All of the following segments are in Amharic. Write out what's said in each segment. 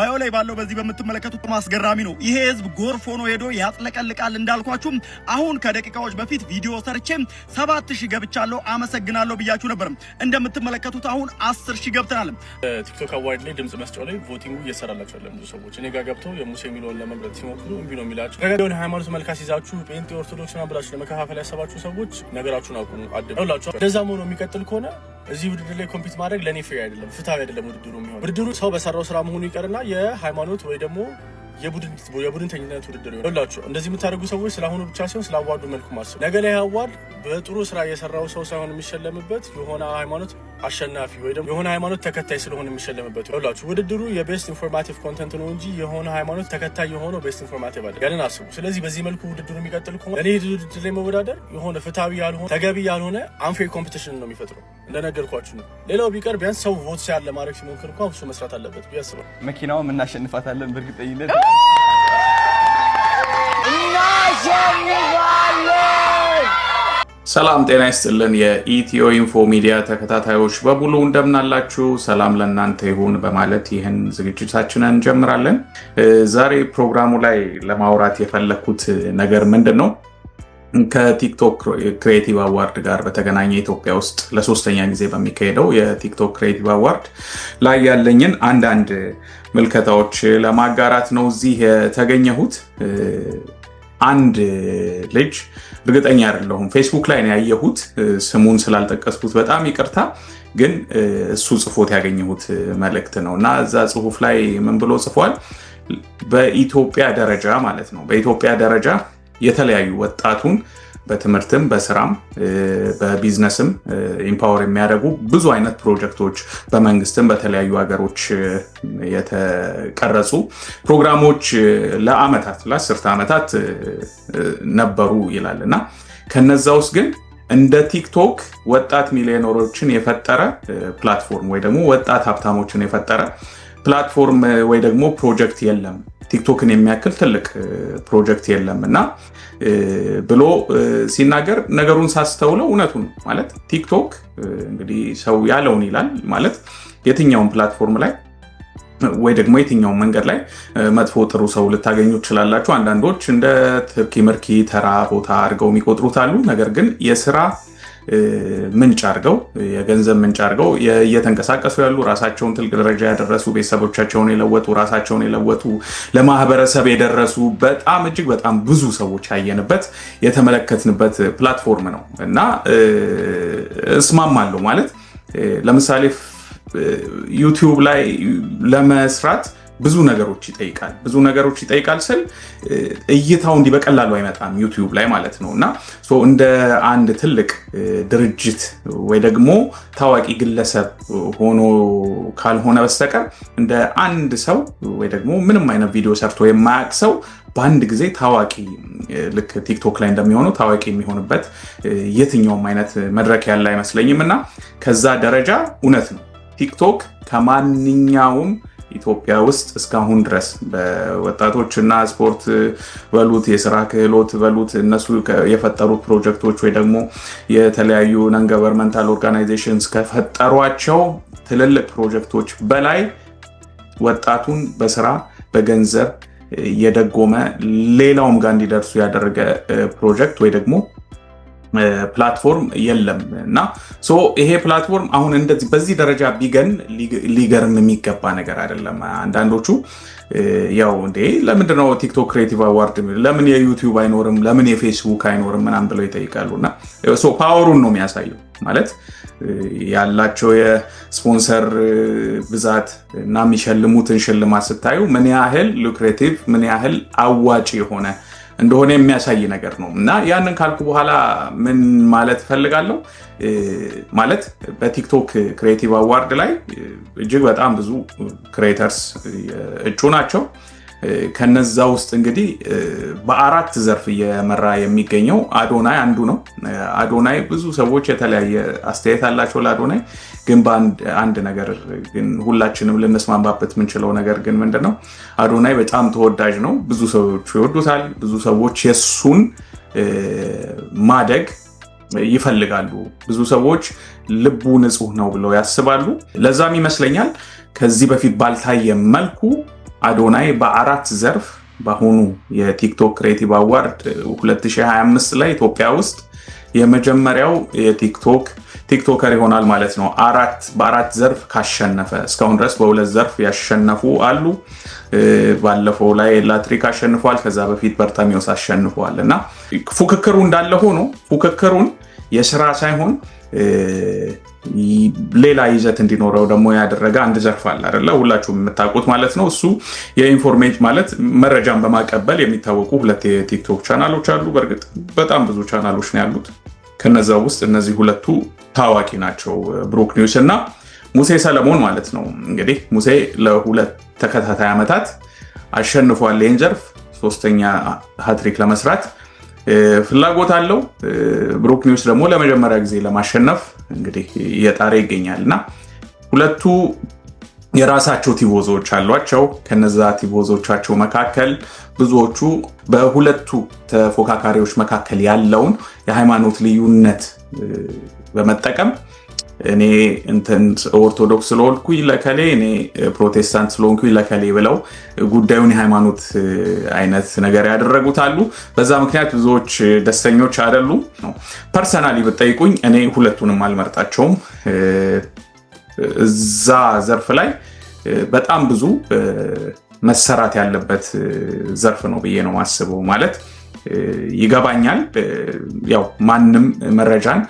ባዮ ላይ ባለው በዚህ በምትመለከቱት አስገራሚ ነው። ይሄ ህዝብ ጎርፍ ሆኖ ሄዶ ያጥለቀልቃል። እንዳልኳችሁም አሁን ከደቂቃዎች በፊት ቪዲዮ ሰርቼ ሰባት ሺህ ገብቻለሁ አመሰግናለሁ ብያችሁ ነበር። እንደምትመለከቱት አሁን አስር ሺህ ገብተናል። ቲክቶክ አዋርድ ላይ ድምጽ መስጫው ላይ ቮቲንጉ እየሰራላችሁ ያለ ብዙ ሰዎች እኔ ጋር ገብተው የሙሴ የሚለውን ለመምረጥ ሲሞክሩ እምቢ ነው የሚላቸው ነገር የሆነ ሃይማኖት መልካስ ይዛችሁ ጴንጤ ኦርቶዶክስ ና ብላችሁ ለመከፋፈል ያሰባችሁ ሰዎች ነገራችሁን አቁሙ። አድ ሁላችሁ ደዛ መሆኖ የሚቀጥል ከሆነ እዚህ ውድድር ላይ ኮምፒት ማድረግ ለእኔ ፍሬ አይደለም፣ ፍትሐዊ አይደለም ውድድሩ የሚሆን ውድድሩ ሰው በሰራው ስራ መሆኑ ይቀርና የሃይማኖት ወይ ደግሞ የቡድንተኝነት ውድድር ይሆንላችሁ። እንደዚህ የምታደርጉ ሰዎች ስለአሁኑ ብቻ ሲሆን ስለ አዋርዱ መልኩ ማስብ ነገ ላይ አዋርድ በጥሩ ስራ የሰራው ሰው ሳይሆን የሚሸለምበት የሆነ ሃይማኖት አሸናፊ ወይ ደግሞ የሆነ ሃይማኖት ተከታይ ስለሆነ የሚሸለምበት ሁላችሁ ውድድሩ የቤስት ኢንፎርማቲቭ ኮንተንት ነው እንጂ የሆነ ሃይማኖት ተከታይ የሆነው ቤስት ኢንፎርማቲቭ አለ ያንን አስቡ። ስለዚህ በዚህ መልኩ ውድድሩ የሚቀጥል ከሆነ ለኔ ውድድር ላይ መወዳደር የሆነ ፍትሐዊ ያልሆነ ተገቢ ያልሆነ አንፌር ኮምፒቲሽን ነው የሚፈጥረው። እንደነገርኳችሁ ነው። ሌላው ቢቀር ቢያንስ ሰው ቮት ሲያለ ማድረግ ሲሞክር እንኳ እሱ መስራት አለበት ብዬ አስባለሁ። መኪናውም እናሸንፋታለን በእርግጠኝነት ሰላም ጤና ይስጥልን። የኢትዮ ኢንፎ ሚዲያ ተከታታዮች በሙሉ እንደምናላችሁ፣ ሰላም ለእናንተ ይሁን በማለት ይህን ዝግጅታችንን እንጀምራለን። ዛሬ ፕሮግራሙ ላይ ለማውራት የፈለግኩት ነገር ምንድን ነው? ከቲክቶክ ክሬቲቭ አዋርድ ጋር በተገናኘ ኢትዮጵያ ውስጥ ለሶስተኛ ጊዜ በሚካሄደው የቲክቶክ ክሬቲቭ አዋርድ ላይ ያለኝን አንዳንድ ምልከታዎች ለማጋራት ነው እዚህ የተገኘሁት። አንድ ልጅ እርግጠኛ አይደለሁም። ፌስቡክ ላይ ነው ያየሁት። ስሙን ስላልጠቀስኩት በጣም ይቅርታ። ግን እሱ ጽፎት ያገኘሁት መልእክት ነው እና እዛ ጽሁፍ ላይ ምን ብሎ ጽፏል? በኢትዮጵያ ደረጃ ማለት ነው በኢትዮጵያ ደረጃ የተለያዩ ወጣቱን በትምህርትም በስራም በቢዝነስም ኢምፓወር የሚያደርጉ ብዙ አይነት ፕሮጀክቶች በመንግስትም በተለያዩ ሀገሮች የተቀረጹ ፕሮግራሞች ለአመታት ለአስርተ ዓመታት ነበሩ ይላል እና ከነዛ ውስጥ ግን እንደ ቲክቶክ ወጣት ሚሊዮነሮችን የፈጠረ ፕላትፎርም ወይ ደግሞ ወጣት ሀብታሞችን የፈጠረ ፕላትፎርም ወይ ደግሞ ፕሮጀክት የለም ቲክቶክን የሚያክል ትልቅ ፕሮጀክት የለም እና ብሎ ሲናገር ነገሩን ሳስተውለው እውነቱን ማለት ቲክቶክ እንግዲህ ሰው ያለውን ይላል ማለት የትኛውን ፕላትፎርም ላይ ወይ ደግሞ የትኛውን መንገድ ላይ መጥፎ ጥሩ ሰው ልታገኙ ትችላላችሁ። አንዳንዶች እንደ ትርኪ ምርኪ ተራ ቦታ አድርገው የሚቆጥሩት አሉ። ነገር ግን የስራ ምንጭ አድርገው የገንዘብ ምንጭ አድርገው እየተንቀሳቀሱ ያሉ ራሳቸውን ትልቅ ደረጃ ያደረሱ ቤተሰቦቻቸውን የለወጡ ራሳቸውን የለወጡ ለማህበረሰብ የደረሱ በጣም እጅግ በጣም ብዙ ሰዎች ያየንበት የተመለከትንበት ፕላትፎርም ነው እና እስማማለሁ ማለት ለምሳሌ ዩቲዩብ ላይ ለመስራት ብዙ ነገሮች ይጠይቃል። ብዙ ነገሮች ይጠይቃል ስል እይታው እንዲህ በቀላሉ አይመጣም ዩቲዩብ ላይ ማለት ነው። እና እንደ አንድ ትልቅ ድርጅት ወይ ደግሞ ታዋቂ ግለሰብ ሆኖ ካልሆነ በስተቀር እንደ አንድ ሰው ወይ ደግሞ ምንም አይነት ቪዲዮ ሰርቶ የማያውቅ ሰው በአንድ ጊዜ ታዋቂ ልክ ቲክቶክ ላይ እንደሚሆነው ታዋቂ የሚሆንበት የትኛውም አይነት መድረክ ያለ አይመስለኝም። እና ከዛ ደረጃ እውነት ነው ቲክቶክ ከማንኛውም ኢትዮጵያ ውስጥ እስካሁን ድረስ በወጣቶችና ስፖርት በሉት የስራ ክህሎት በሉት እነሱ የፈጠሩት ፕሮጀክቶች ወይ ደግሞ የተለያዩ ነን ገቨርንመንታል ኦርጋናይዜሽንስ ከፈጠሯቸው ትልልቅ ፕሮጀክቶች በላይ ወጣቱን በስራ በገንዘብ የደጎመ ሌላውም ጋር እንዲደርሱ ያደረገ ፕሮጀክት ወይ ደግሞ ፕላትፎርም የለም እና ይሄ ፕላትፎርም አሁን እንደዚህ በዚህ ደረጃ ቢገን ሊገርም የሚገባ ነገር አይደለም። አንዳንዶቹ ያው እንዴ ለምንድነው ቲክቶክ ክሬቲቭ አዋርድ ለምን የዩቲዩብ አይኖርም ለምን የፌስቡክ አይኖርም ምናም ብለው ይጠይቃሉ። እና ፓወሩን ነው የሚያሳየው ማለት ያላቸው የስፖንሰር ብዛት እና የሚሸልሙትን ሽልማት ስታዩ ምን ያህል ሉክሬቲቭ ምን ያህል አዋጭ የሆነ እንደሆነ የሚያሳይ ነገር ነው እና ያንን ካልኩ በኋላ ምን ማለት እፈልጋለሁ ማለት በቲክቶክ ክሬቲቭ አዋርድ ላይ እጅግ በጣም ብዙ ክሬተርስ እጩ ናቸው። ከነዛ ውስጥ እንግዲህ በአራት ዘርፍ እየመራ የሚገኘው አዶናይ አንዱ ነው። አዶናይ ብዙ ሰዎች የተለያየ አስተያየት አላቸው ለአዶናይ ግን በአንድ ነገር ግን ሁላችንም ልንስማማበት የምንችለው ነገር ግን ምንድን ነው? አዶናይ በጣም ተወዳጅ ነው። ብዙ ሰዎች ይወዱታል። ብዙ ሰዎች የእሱን ማደግ ይፈልጋሉ። ብዙ ሰዎች ልቡ ንጹህ ነው ብለው ያስባሉ። ለዛም ይመስለኛል ከዚህ በፊት ባልታየ መልኩ አዶናይ በአራት ዘርፍ በአሁኑ የቲክቶክ ክሬቲቭ አዋርድ 2025 ላይ ኢትዮጵያ ውስጥ የመጀመሪያው የቲክቶክ ቲክቶከር ይሆናል ማለት ነው። አራት በአራት ዘርፍ ካሸነፈ እስካሁን ድረስ በሁለት ዘርፍ ያሸነፉ አሉ። ባለፈው ላይ ላትሪክ አሸንፏል። ከዛ በፊት በርታሚዮስ አሸንፏል። እና ፉክክሩ እንዳለ ሆኖ ፉክክሩን የስራ ሳይሆን ሌላ ይዘት እንዲኖረው ደግሞ ያደረገ አንድ ዘርፍ አለ አይደለ? ሁላችሁም የምታውቁት ማለት ነው። እሱ የኢንፎርሜት ማለት መረጃን በማቀበል የሚታወቁ ሁለት የቲክቶክ ቻናሎች አሉ። በእርግጥ በጣም ብዙ ቻናሎች ነው ያሉት። ከነዛ ውስጥ እነዚህ ሁለቱ ታዋቂ ናቸው፣ ብሩክ ኒውስ እና ሙሴ ሰለሞን ማለት ነው። እንግዲህ ሙሴ ለሁለት ተከታታይ ዓመታት አሸንፏል። ይህን ዘርፍ ሶስተኛ ሀትሪክ ለመስራት ፍላጎት አለው። ብሩክ ኒውስ ደግሞ ለመጀመሪያ ጊዜ ለማሸነፍ እንግዲህ እየጣረ ይገኛል እና ሁለቱ የራሳቸው ቲቦዞዎች አሏቸው። ከነዛ ቲቦዞቻቸው መካከል ብዙዎቹ በሁለቱ ተፎካካሪዎች መካከል ያለውን የሃይማኖት ልዩነት በመጠቀም እኔ እንትን ኦርቶዶክስ ስለሆንኩኝ ለከሌ እኔ ፕሮቴስታንት ስለሆንኩኝ ለከሌ ብለው ጉዳዩን የሃይማኖት አይነት ነገር ያደረጉት አሉ። በዛ ምክንያት ብዙዎች ደስተኞች አይደሉም። ፐርሰናሊ ብጠይቁኝ እኔ ሁለቱንም አልመርጣቸውም። እዛ ዘርፍ ላይ በጣም ብዙ መሰራት ያለበት ዘርፍ ነው ብዬ ነው ማስበው። ማለት ይገባኛል፣ ያው ማንም መረጃን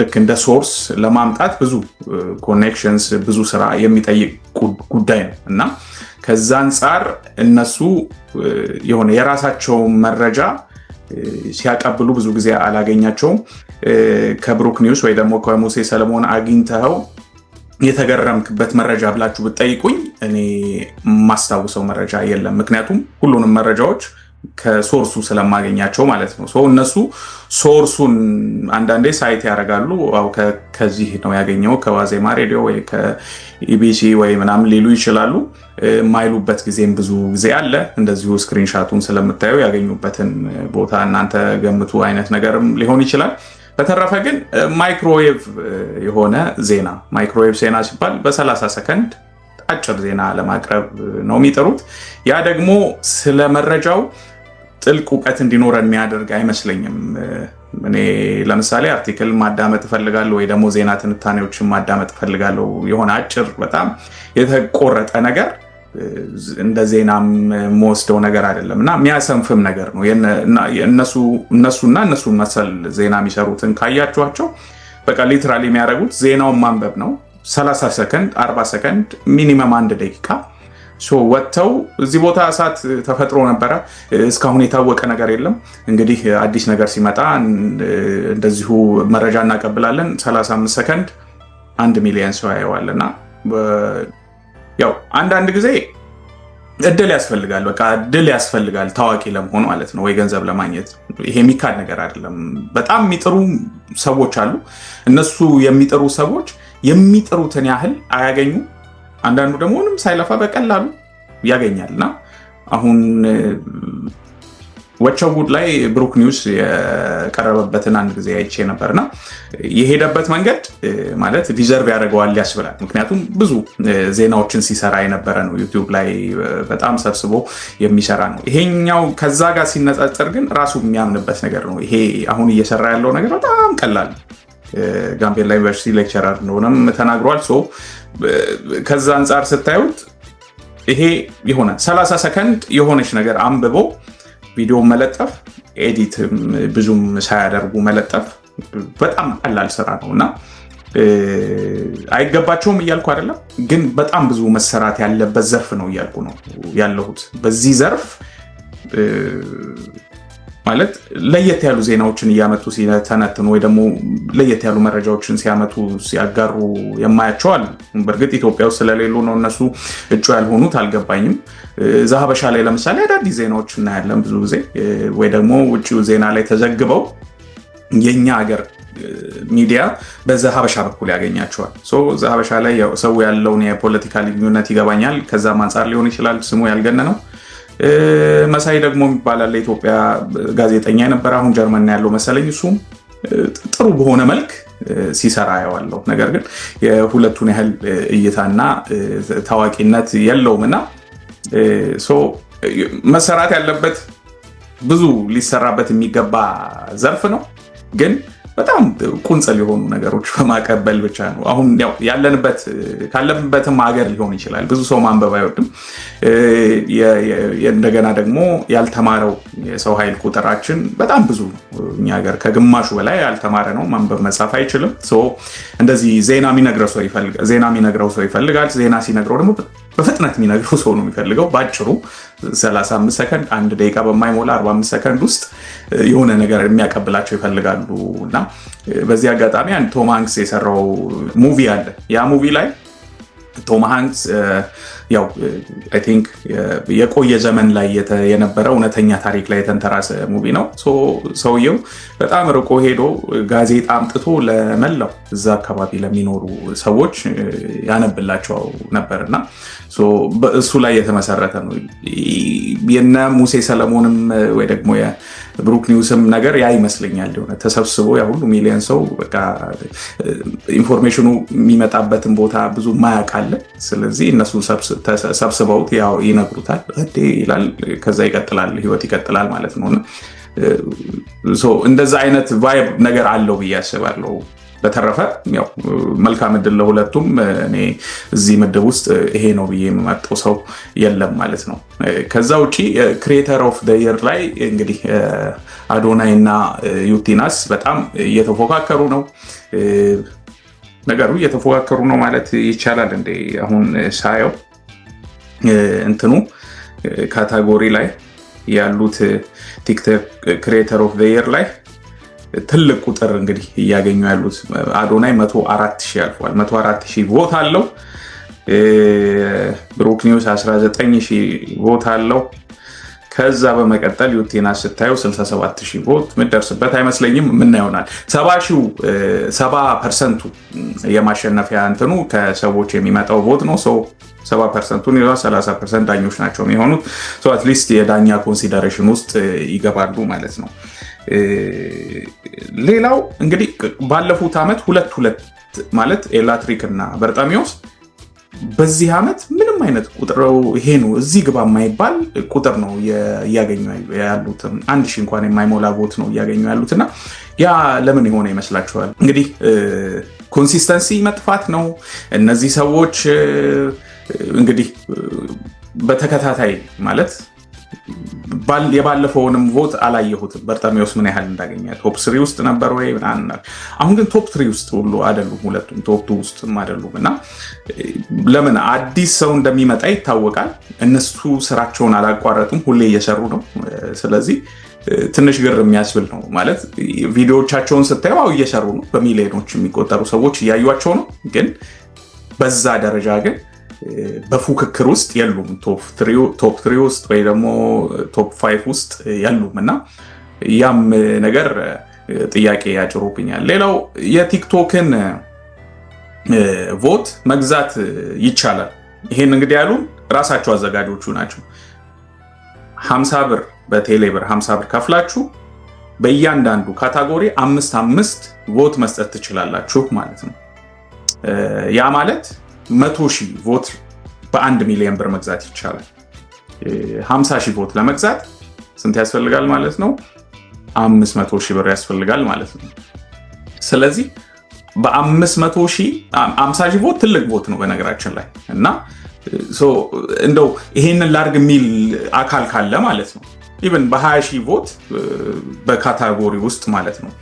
ልክ እንደ ሶርስ ለማምጣት ብዙ ኮኔክሽንስ፣ ብዙ ስራ የሚጠይቅ ጉዳይ ነው እና ከዛ አንጻር እነሱ የሆነ የራሳቸውን መረጃ ሲያቀብሉ ብዙ ጊዜ አላገኛቸውም። ከብሩክ ኒውስ ወይ ደግሞ ከሙሴ ሰለሞን አግኝተኸው የተገረምክበት መረጃ ብላችሁ ብትጠይቁኝ እኔ የማስታውሰው መረጃ የለም። ምክንያቱም ሁሉንም መረጃዎች ከሶርሱ ስለማገኛቸው ማለት ነው። እነሱ ሶርሱን አንዳንዴ ሳይት ያደርጋሉ። ከዚህ ነው ያገኘው ከዋዜማ ሬዲዮ ወይ ከኢቢሲ ወይ ምናምን ሊሉ ይችላሉ። የማይሉበት ጊዜም ብዙ ጊዜ አለ። እንደዚሁ ስክሪንሻቱን ስለምታዩ ያገኙበትን ቦታ እናንተ ገምቱ አይነት ነገርም ሊሆን ይችላል። በተረፈ ግን ማይክሮዌቭ የሆነ ዜና ማይክሮዌቭ ዜና ሲባል በ30 ሰከንድ አጭር ዜና ለማቅረብ ነው የሚጥሩት። ያ ደግሞ ስለ መረጃው ጥልቅ እውቀት እንዲኖረን የሚያደርግ አይመስለኝም። እኔ ለምሳሌ አርቲክል ማዳመጥ እፈልጋለሁ ወይ ደግሞ ዜና ትንታኔዎችን ማዳመጥ እፈልጋለሁ። የሆነ አጭር በጣም የተቆረጠ ነገር እንደ ዜናም የምወስደው ነገር አይደለም እና የሚያሰንፍም ነገር ነው። እነሱና እነሱን መሰል ዜና የሚሰሩትን ካያችኋቸው በቃ ሊትራሊ የሚያደርጉት ዜናውን ማንበብ ነው 30 ሰከንድ 40 ሰከንድ ሚኒመም አንድ ደቂቃ ወጥተው እዚህ ቦታ እሳት ተፈጥሮ ነበረ። እስካሁን የታወቀ ነገር የለም። እንግዲህ አዲስ ነገር ሲመጣ እንደዚሁ መረጃ እናቀብላለን። 35 ሰከንድ አንድ ሚሊዮን ሰው ያየዋል። እና ያው አንዳንድ ጊዜ እድል ያስፈልጋል። በቃ እድል ያስፈልጋል ታዋቂ ለመሆን ማለት ነው፣ ወይ ገንዘብ ለማግኘት። ይሄ የሚካድ ነገር አይደለም። በጣም የሚጥሩ ሰዎች አሉ። እነሱ የሚጥሩ ሰዎች የሚጥሩትን ያህል አያገኙ፣ አንዳንዱ ደግሞ ምንም ሳይለፋ በቀላሉ ያገኛል እና አሁን ወቸውድ ላይ ብሩክ ኒውስ የቀረበበትን አንድ ጊዜ አይቼ ነበርና የሄደበት መንገድ ማለት ዲዘርቭ ያደርገዋል ያስብላል። ምክንያቱም ብዙ ዜናዎችን ሲሰራ የነበረ ነው። ዩቲዩብ ላይ በጣም ሰብስቦ የሚሰራ ነው። ይሄኛው ከዛ ጋር ሲነጻጸር ግን ራሱ የሚያምንበት ነገር ነው። ይሄ አሁን እየሰራ ያለው ነገር በጣም ቀላል ጋምቤላ ዩኒቨርሲቲ ሌክቸረር እንደሆነም ተናግሯል። ከዛ አንጻር ስታዩት ይሄ የሆነ 30 ሰከንድ የሆነች ነገር አንብቦ ቪዲዮ መለጠፍ ኤዲት ብዙም ሳያደርጉ መለጠፍ በጣም ቀላል ስራ ነው እና አይገባቸውም እያልኩ አይደለም፣ ግን በጣም ብዙ መሰራት ያለበት ዘርፍ ነው እያልኩ ነው ያለሁት በዚህ ዘርፍ ማለት ለየት ያሉ ዜናዎችን እያመጡ ሲተነትኑ ወይ ደግሞ ለየት ያሉ መረጃዎችን ሲያመጡ ሲያጋሩ የማያቸዋል። በእርግጥ ኢትዮጵያ ውስጥ ስለሌሉ ነው እነሱ እጩ ያልሆኑት አልገባኝም። እዛ ሀበሻ ላይ ለምሳሌ አዳዲስ ዜናዎች እናያለን ብዙ ጊዜ ወይ ደግሞ ውጭ ዜና ላይ ተዘግበው የእኛ ሀገር ሚዲያ በዛ ሀበሻ በኩል ያገኛቸዋል። እዛ ሀበሻ ላይ ሰው ያለውን የፖለቲካ ልዩነት ይገባኛል። ከዛም አንጻር ሊሆን ይችላል ስሙ ያልገነ ነው መሳይ ደግሞ ይባላል ኢትዮጵያ ጋዜጠኛ የነበረ አሁን ጀርመን ያለው መሰለኝ። እሱም ጥሩ በሆነ መልክ ሲሰራ የዋለው ነገር ግን የሁለቱን ያህል እይታና ታዋቂነት የለውም እና መሰራት ያለበት ብዙ ሊሰራበት የሚገባ ዘርፍ ነው ግን በጣም ቁንጽል የሆኑ ነገሮች በማቀበል ብቻ ነው። አሁን ያለንበት ካለንበትም ሀገር ሊሆን ይችላል። ብዙ ሰው ማንበብ አይወድም። እንደገና ደግሞ ያልተማረው የሰው ኃይል ቁጥራችን በጣም ብዙ ነው። እኛ ሀገር ከግማሹ በላይ ያልተማረ ነው። ማንበብ መጻፍ አይችልም። እንደዚህ ዜና የሚነግረው ሰው ይፈልጋል። ዜና የሚነግረው ሰው ይፈልጋል። ዜና ሲነግረው ደግሞ በፍጥነት የሚነግረው ሰው ነው የሚፈልገው። በአጭሩ 35 ሰከንድ፣ አንድ ደቂቃ በማይሞላ 45 ሰከንድ ውስጥ የሆነ ነገር የሚያቀብላቸው ይፈልጋሉ። እና በዚህ አጋጣሚ አንድ ቶም ሃንክስ የሰራው ሙቪ አለ። ያ ሙቪ ላይ ቶም ሃንክስ ያው አይ ቲንክ የቆየ ዘመን ላይ የነበረ እውነተኛ ታሪክ ላይ የተንተራሰ ሙቪ ነው። ሰውየው በጣም ርቆ ሄዶ ጋዜጣ አምጥቶ ለመላው እዛ አካባቢ ለሚኖሩ ሰዎች ያነብላቸው ነበር እና እሱ ላይ የተመሰረተ ነው። የነ ሙሴ ሰለሞንም ወይ ደግሞ ብሩክ ኒውስም ነገር ያ ይመስለኛል ሆነ ተሰብስቦ ያ ሁሉ ሚሊዮን ሰው ኢንፎርሜሽኑ የሚመጣበትን ቦታ ብዙ ማያውቃለ። ስለዚህ እነሱ ሰብስበውት ያው ይነግሩታል እዴ ይላል። ከዛ ይቀጥላል፣ ህይወት ይቀጥላል ማለት ነው። እንደዛ አይነት ቫይብ ነገር አለው ብዬ አስባለሁ። በተረፈ ያው መልካም እድል ለሁለቱም። እኔ እዚህ ምድብ ውስጥ ይሄ ነው ብዬ የምመጣው ሰው የለም ማለት ነው። ከዛ ውጪ ክሬተር ኦፍ ደ የር ላይ እንግዲህ አዶናይ እና ዩቲናስ በጣም እየተፎካከሩ ነው። ነገሩ እየተፎካከሩ ነው ማለት ይቻላል። እንደ አሁን ሳየው እንትኑ ካታጎሪ ላይ ያሉት ቲክቶክ ክሬተር ኦፍ ደ የር ላይ ትልቅ ቁጥር እንግዲህ እያገኙ ያሉት አዶናይ መቶ አራት ሺህ አልፏል። መቶ ሺህ ቮት አለው። ብሩክ ኒውስ 19 ሺህ ቮት አለው። ከዛ በመቀጠል ዩቴና ስታየው 67 ሺህ ቮት የምደርስበት አይመስለኝም። ምን ይሆናል ሰባ ሺው ሰባ ፐርሰንቱ የማሸነፊያ እንትኑ ከሰዎች የሚመጣው ቮት ነው። ሰው ሰባ ፐርሰንቱን 30 ፐርሰንት ዳኞች ናቸው የሚሆኑት። አትሊስት የዳኛ ኮንሲደሬሽን ውስጥ ይገባሉ ማለት ነው። ሌላው እንግዲህ ባለፉት ዓመት ሁለት ሁለት ማለት ኤላትሪክ እና በርጣሚዎስ በዚህ ዓመት ምንም አይነት ቁጥር ይሄ ነው እዚህ ግባ የማይባል ቁጥር ነው እያገኙ ያሉት። አንድ ሺህ እንኳን የማይሞላ ቦት ነው እያገኙ ያሉት እና ያ ለምን የሆነ ይመስላችኋል? እንግዲህ ኮንሲስተንሲ መጥፋት ነው። እነዚህ ሰዎች እንግዲህ በተከታታይ ማለት የባለፈውንም ቮት አላየሁትም። በርጠሚዎስ ምን ያህል እንዳገኘ ቶፕ ስሪ ውስጥ ነበር ወይ ምናምን። አሁን ግን ቶፕ ትሪ ውስጥ ሁሉ አይደሉም፣ ሁለቱም ቶፕ ቱ ውስጥም አይደሉም። እና ለምን አዲስ ሰው እንደሚመጣ ይታወቃል። እነሱ ስራቸውን አላቋረጡም፣ ሁሌ እየሰሩ ነው። ስለዚህ ትንሽ ግር የሚያስብል ነው ማለት ቪዲዮዎቻቸውን ስታዩ አው እየሰሩ ነው፣ በሚሊዮኖች የሚቆጠሩ ሰዎች እያዩቸው ነው። ግን በዛ ደረጃ ግን በፉክክር ውስጥ የሉም። ቶፕ ትሪ ውስጥ ወይ ደግሞ ቶፕ ፋይቭ ውስጥ የሉም እና ያም ነገር ጥያቄ ያጭሩብኛል። ሌላው የቲክቶክን ቮት መግዛት ይቻላል። ይሄን እንግዲህ ያሉን ራሳቸው አዘጋጆቹ ናቸው። ሀምሳ ብር በቴሌ ብር ሀምሳ ብር ከፍላችሁ በእያንዳንዱ ካታጎሪ አምስት አምስት ቮት መስጠት ትችላላችሁ ማለት ነው ያ ማለት መቶ ሺህ ቮት በአንድ ሚሊዮን ብር መግዛት ይቻላል። ሀምሳ ሺህ ቮት ለመግዛት ስንት ያስፈልጋል ማለት ነው? መቶ ሺህ ብር ያስፈልጋል ማለት ነው። ስለዚህ በአምስት መቶ ሺህ አምሳ ሺህ ቮት ትልቅ ቮት ነው በነገራችን ላይ እና እንደው ይሄንን ላድርግ የሚል አካል ካለ ማለት ነው ኢቨን በሀያሺ ሺህ ቮት በካታጎሪ ውስጥ ማለት ነው።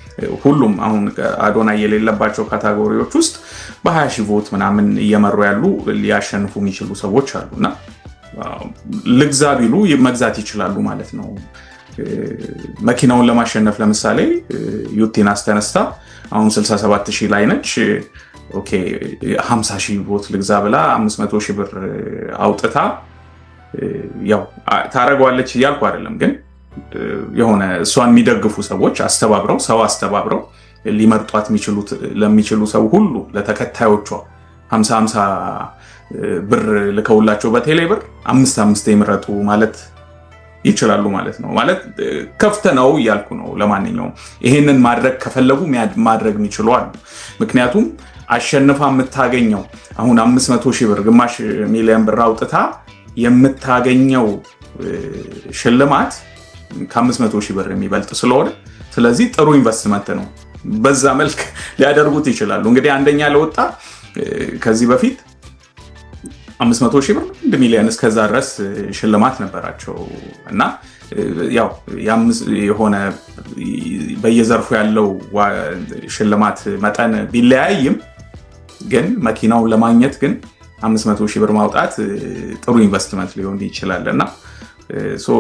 ሁሉም አሁን አዶና የሌለባቸው ካታጎሪዎች ውስጥ በሀያ ሺህ ቮት ምናምን እየመሩ ያሉ ሊያሸንፉ የሚችሉ ሰዎች አሉ እና ልግዛ ቢሉ መግዛት ይችላሉ ማለት ነው። መኪናውን ለማሸነፍ ለምሳሌ ዩቲን አስተነስታ አሁን 67 ሺህ ላይ ነች። ኦኬ 50 ሺህ ቦት ልግዛ ብላ 500 ሺህ ብር አውጥታ ያው ታደርገዋለች እያልኩ አይደለም፣ ግን የሆነ እሷን የሚደግፉ ሰዎች አስተባብረው ሰው አስተባብረው ሊመርጧት ለሚችሉ ሰው ሁሉ ለተከታዮቿ 50 50 ብር ልከውላቸው በቴሌ ብር አምስት አምስት የምረጡ ማለት ይችላሉ ማለት ነው። ማለት ከፍተ ነው እያልኩ ነው። ለማንኛውም ይሄንን ማድረግ ከፈለጉ ማድረግ የሚችሉ አሉ። ምክንያቱም አሸንፋ የምታገኘው አሁን 500 ሺህ ብር ግማሽ ሚሊዮን ብር አውጥታ የምታገኘው ሽልማት ከ500 ሺህ ብር የሚበልጥ ስለሆነ ስለዚህ ጥሩ ኢንቨስትመንት ነው። በዛ መልክ ሊያደርጉት ይችላሉ። እንግዲህ አንደኛ ለወጣ ከዚህ በፊት 500 ሺህ ብር አንድ ሚሊዮን እስከዛ ድረስ ሽልማት ነበራቸው እና ያው የሆነ በየዘርፉ ያለው ሽልማት መጠን ቢለያይም ግን መኪናውን ለማግኘት ግን አምስት መቶ ሺህ ብር ማውጣት ጥሩ ኢንቨስትመንት ሊሆን ይችላል እና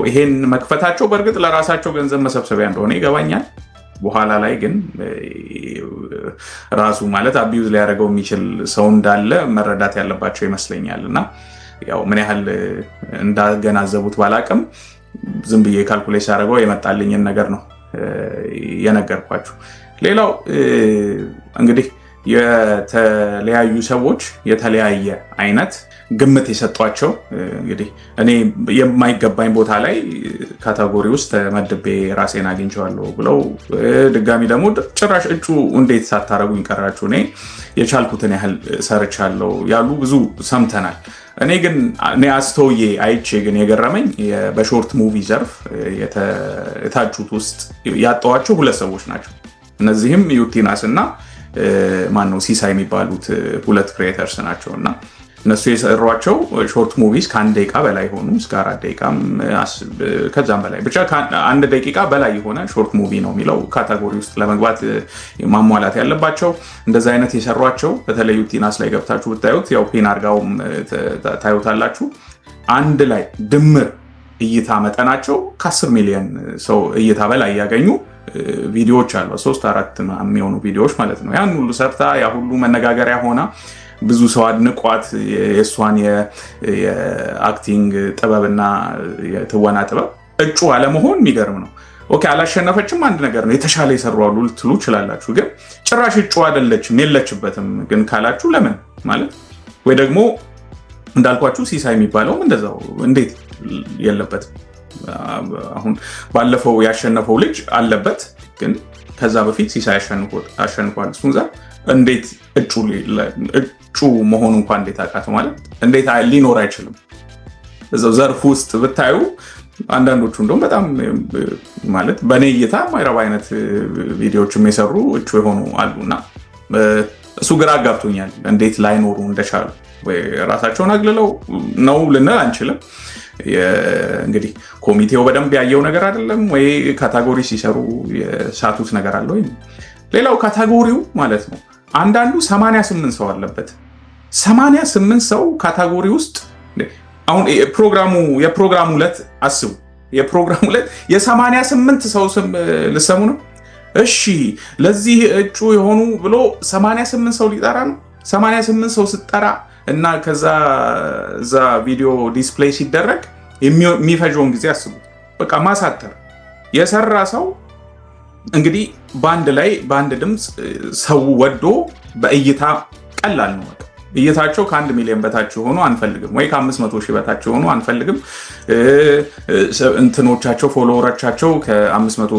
ይሄን መክፈታቸው በእርግጥ ለራሳቸው ገንዘብ መሰብሰቢያ እንደሆነ ይገባኛል። በኋላ ላይ ግን ራሱ ማለት አቢዩዝ ሊያደርገው የሚችል ሰው እንዳለ መረዳት ያለባቸው ይመስለኛል እና ያው ምን ያህል እንዳገናዘቡት ባላቅም ዝም ብዬ ካልኩሌት ሳደርገው የመጣልኝን ነገር ነው የነገርኳችሁ። ሌላው እንግዲህ የተለያዩ ሰዎች የተለያየ አይነት ግምት የሰጧቸው እንግዲህ እኔ የማይገባኝ ቦታ ላይ ካተጎሪ ውስጥ ተመድቤ ራሴን አግኝቸዋለሁ ብለው ድጋሚ ደግሞ ጭራሽ እጩ እንዴት ሳታረጉኝ ቀራችሁ እኔ የቻልኩትን ያህል ሰርቻለሁ ያሉ ብዙ ሰምተናል። እኔ ግን እኔ አስተውዬ አይቼ ግን የገረመኝ በሾርት ሙቪ ዘርፍ የታጩት ውስጥ ያጠዋቸው ሁለት ሰዎች ናቸው። እነዚህም ዩቲናስ እና ማን ነው ሲሳ የሚባሉት ሁለት ክሬተርስ ናቸው እና እነሱ የሰሯቸው ሾርት ሙቪስ ከአንድ ደቂቃ በላይ ሆኑ እስከ አራት ደቂቃም ከዛም በላይ ብቻ አንድ ደቂቃ በላይ የሆነ ሾርት ሙቪ ነው የሚለው ካታጎሪ ውስጥ ለመግባት ማሟላት ያለባቸው። እንደዚ አይነት የሰሯቸው በተለዩ ቲናስ ላይ ገብታችሁ ብታዩት ያው ፔን አርጋውም ታዩታላችሁ። አንድ ላይ ድምር እይታ መጠናቸው ከአስር ሚሊዮን ሰው እይታ በላይ ያገኙ ቪዲዮዎች አሉ። ሶስት አራት የሚሆኑ ቪዲዮዎች ማለት ነው። ያን ሁሉ ሰርታ ያ ሁሉ መነጋገሪያ ሆና ብዙ ሰው አድንቋት የእሷን የአክቲንግ ጥበብና የትወና ጥበብ እጩ አለመሆን የሚገርም ነው። ኦኬ አላሸነፈችም፣ አንድ ነገር ነው። የተሻለ የሰሩ አሉ ልትሉ ይችላላችሁ። ግን ጭራሽ እጩ አይደለችም የለችበትም ግን ካላችሁ ለምን ማለት ወይ ደግሞ እንዳልኳችሁ ሲሳይ የሚባለውም እንደዛው እንዴት የለበትም አሁን ባለፈው ያሸነፈው ልጅ አለበት፣ ግን ከዛ በፊት ሲሳይ አሸንፏል። እሱን ዛ እንዴት እጩ መሆኑ እንኳን እንዴት አቃት ማለት እንዴት ሊኖር አይችልም። እዛው ዘርፍ ውስጥ ብታዩ አንዳንዶቹ እንደውም በጣም ማለት በእኔ እይታ ማይረባ አይነት ቪዲዮዎች የሚሰሩ እጩ የሆኑ አሉ እና እሱ ግራ አጋብቶኛል እንዴት ላይኖሩ እንደቻሉ ራሳቸውን አግልለው ነው ልንል አንችልም። እንግዲህ ኮሚቴው በደንብ ያየው ነገር አይደለም ወይ ካታጎሪ ሲሰሩ የሳቱት ነገር አለ ወይም ሌላው ካታጎሪው ማለት ነው። አንዳንዱ 88 ሰው አለበት። 88 ሰው ካታጎሪ ውስጥ አሁን የፕሮግራሙ ዕለት አስቡ። የፕሮግራሙ ዕለት የ88 ሰው ስም ልሰሙ ነው። እሺ ለዚህ እጩ የሆኑ ብሎ 88 ሰው ሊጠራ ነው። 88 ሰው ስጠራ እና ከዛ እዛ ቪዲዮ ዲስፕሌይ ሲደረግ የሚፈጀውን ጊዜ አስቡት። በቃ ማሳተር የሰራ ሰው እንግዲህ በአንድ ላይ በአንድ ድምፅ ሰው ወዶ በእይታ ቀላል ነው። እይታቸው ከአንድ ሚሊዮን በታች የሆኑ አንፈልግም፣ ወይ ከአምስት መቶ ሺህ በታች የሆኑ አንፈልግም። እንትኖቻቸው ፎሎወሮቻቸው ከአምስት መቶ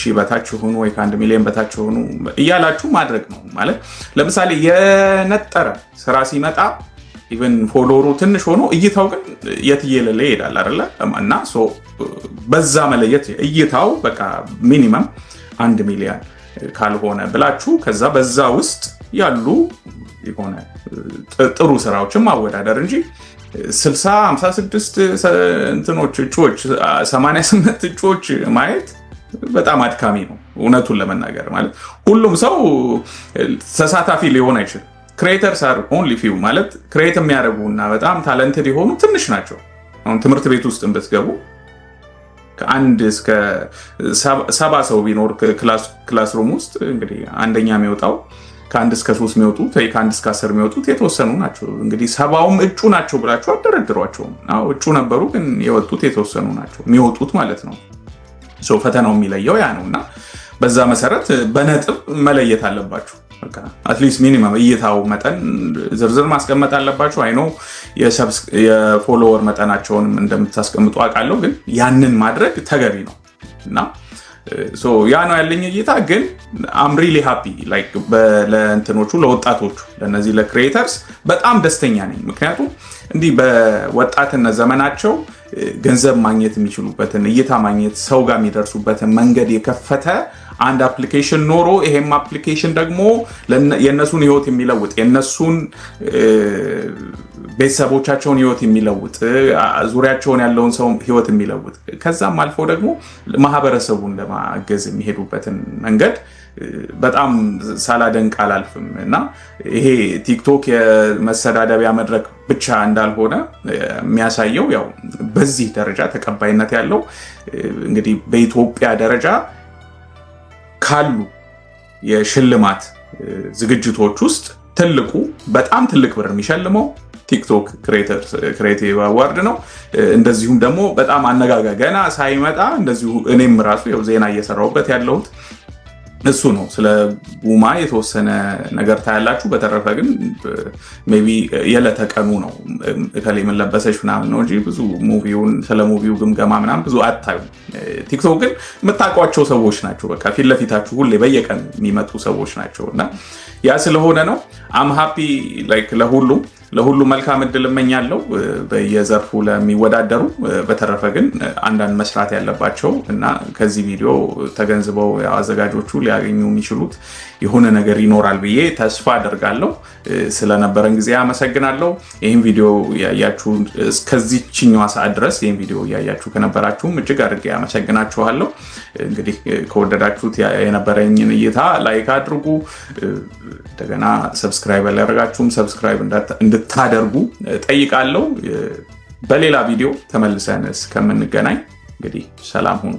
ሺህ በታች የሆኑ ወይ ከአንድ ሚሊዮን በታች የሆኑ እያላችሁ ማድረግ ነው ማለት። ለምሳሌ የነጠረ ስራ ሲመጣ ኢቨን ፎሎወሩ ትንሽ ሆኖ እይታው ግን የትየለለ ይሄዳል አይደለ? እና በዛ መለየት እይታው በቃ ሚኒመም አንድ ሚሊዮን ካልሆነ ብላችሁ ከዛ በዛ ውስጥ ያሉ የሆነ ጥሩ ስራዎችን ማወዳደር እንጂ 60 56 እንትኖች እጩዎች 88 እጩዎች ማየት በጣም አድካሚ ነው። እውነቱን ለመናገር ማለት ሁሉም ሰው ተሳታፊ ሊሆን አይችልም። ክሬተር ሳር ኦንሊ ፊው ማለት ክሬት የሚያደርጉ እና በጣም ታለንትድ የሆኑ ትንሽ ናቸው። አሁን ትምህርት ቤት ውስጥ ብትገቡ ከአንድ እስከ ሰባ ሰው ቢኖር ክላስሩም ውስጥ እንግዲህ አንደኛ የሚወጣው ከአንድ እስከ ሶስት የሚወጡት ወይ ከአንድ እስከ አስር የሚወጡት የተወሰኑ ናቸው። እንግዲህ ሰባውም እጩ ናቸው ብላቸው አልደረድሯቸውም። እጩ ነበሩ፣ ግን የወጡት የተወሰኑ ናቸው የሚወጡት ማለት ነው። ፈተናው የሚለየው ያ ነው እና በዛ መሰረት በነጥብ መለየት አለባችሁ። አትሊስት ሚኒመም እይታው መጠን ዝርዝር ማስቀመጥ አለባችሁ። አይኖ የፎሎወር መጠናቸውንም እንደምታስቀምጡ አውቃለሁ፣ ግን ያንን ማድረግ ተገቢ ነው እና ያ ነው ያለኝ እይታ። ግን አምሪሊ ሃፒ ለእንትኖቹ ለወጣቶቹ ለነዚህ ለክሪኤተርስ በጣም ደስተኛ ነኝ። ምክንያቱም እንዲህ በወጣትነት ዘመናቸው ገንዘብ ማግኘት የሚችሉበትን እይታ ማግኘት ሰው ጋር የሚደርሱበትን መንገድ የከፈተ አንድ አፕሊኬሽን ኖሮ ይሄም አፕሊኬሽን ደግሞ የእነሱን ህይወት የሚለውጥ የእነሱን ቤተሰቦቻቸውን ህይወት የሚለውጥ ዙሪያቸውን ያለውን ሰው ህይወት የሚለውጥ ከዛም አልፎ ደግሞ ማህበረሰቡን ለማገዝ የሚሄዱበትን መንገድ በጣም ሳላደንቅ አላልፍም እና ይሄ ቲክቶክ የመሰዳደቢያ መድረክ ብቻ እንዳልሆነ የሚያሳየው ያው በዚህ ደረጃ ተቀባይነት ያለው እንግዲህ በኢትዮጵያ ደረጃ ካሉ የሽልማት ዝግጅቶች ውስጥ ትልቁ በጣም ትልቅ ብር የሚሸልመው ቲክቶክ ክሬቲቭ አዋርድ ነው። እንደዚሁም ደግሞ በጣም አነጋጋ ገና ሳይመጣ እንደዚሁ እኔም ራሱ ዜና እየሰራሁበት ያለሁት እሱ ነው። ስለ ቡማ የተወሰነ ነገር ታያላችሁ። በተረፈ ግን ቢ የለተቀኑ ነው ከላይ ምን ምናምን ነው እንጂ ብዙ ሙቪውን ስለ ሙቪው ግምገማ ምናም ብዙ አታዩ። ቲክቶክ ግን የምታውቋቸው ሰዎች ናቸው። በቃ ፊት ለፊታችሁ ሁሌ በየቀን የሚመጡ ሰዎች ናቸው እና ያ ስለሆነ ነው አም ሃፒ ለሁሉም ለሁሉ መልካም እድል እመኛለሁ በየዘርፉ ለሚወዳደሩ። በተረፈ ግን አንዳንድ መስራት ያለባቸው እና ከዚህ ቪዲዮ ተገንዝበው አዘጋጆቹ ሊያገኙ የሚችሉት የሆነ ነገር ይኖራል ብዬ ተስፋ አደርጋለሁ። ስለነበረን ጊዜ አመሰግናለሁ። ይህም ቪዲዮ ያያችሁ እስከዚችኛዋ ሰዓት ድረስ ይህም ቪዲዮ እያያችሁ ከነበራችሁም እጅግ አድርጌ አመሰግናችኋለሁ። እንግዲህ ከወደዳችሁት የነበረኝን እይታ ላይክ አድርጉ። እንደገና ሰብስክራይብ ያላደረጋችሁም ሰብስክራይብ እንድታደርጉ ጠይቃለሁ። በሌላ ቪዲዮ ተመልሰን እስከምንገናኝ እንግዲህ ሰላም ሁኑ።